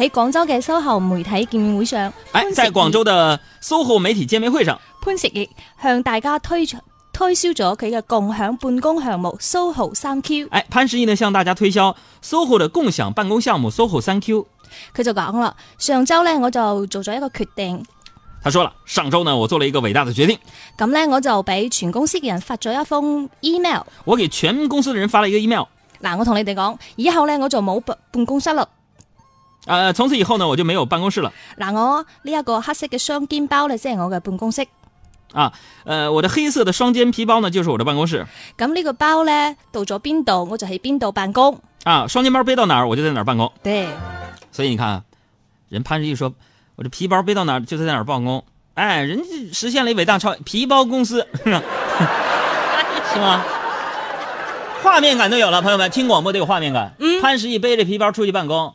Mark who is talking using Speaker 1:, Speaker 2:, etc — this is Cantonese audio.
Speaker 1: 喺廣州嘅 SOHO 媒體見面會上，喺、哎、在廣州
Speaker 2: 的 SOHO 媒體見面會上，
Speaker 1: 潘石屹向大家推推銷咗佢嘅共享辦公項目 SOHO 三 Q。哎，潘
Speaker 2: 石屹呢向大家推銷 SOHO 的共享辦公項目 SOHO 三 Q。
Speaker 1: 佢就講啦，上周呢，我就做咗一個決定。
Speaker 2: 他說了，上周呢我做了一個偉大的決定。
Speaker 1: 咁呢，我就俾全公司嘅人發咗一封 email。
Speaker 2: 我給全公司嘅人發了一個 email。
Speaker 1: 嗱，我同你哋講，以後呢，我就冇辦辦公室啦。
Speaker 2: 呃，從此以後呢，我就沒有辦公室了。
Speaker 1: 那、啊、我呢一、這個黑色的雙肩包呢，即、就、係、是、我嘅辦公室。
Speaker 2: 啊，呃，我的黑色的雙肩皮包呢，就是我的辦公室。
Speaker 1: 咁呢個包呢，到咗邊度我就喺邊度辦公。
Speaker 2: 啊，雙肩包背到哪兒，我就在哪兒辦公。對，所以你看，人潘石屹說，我這皮包背到哪兒，就在哪兒辦公。哎，人家實現了一偉大超，皮包公司， 是嗎、 嗯？畫面感都有了，朋友們聽廣播得有畫面感。潘石屹背着皮包出去辦公。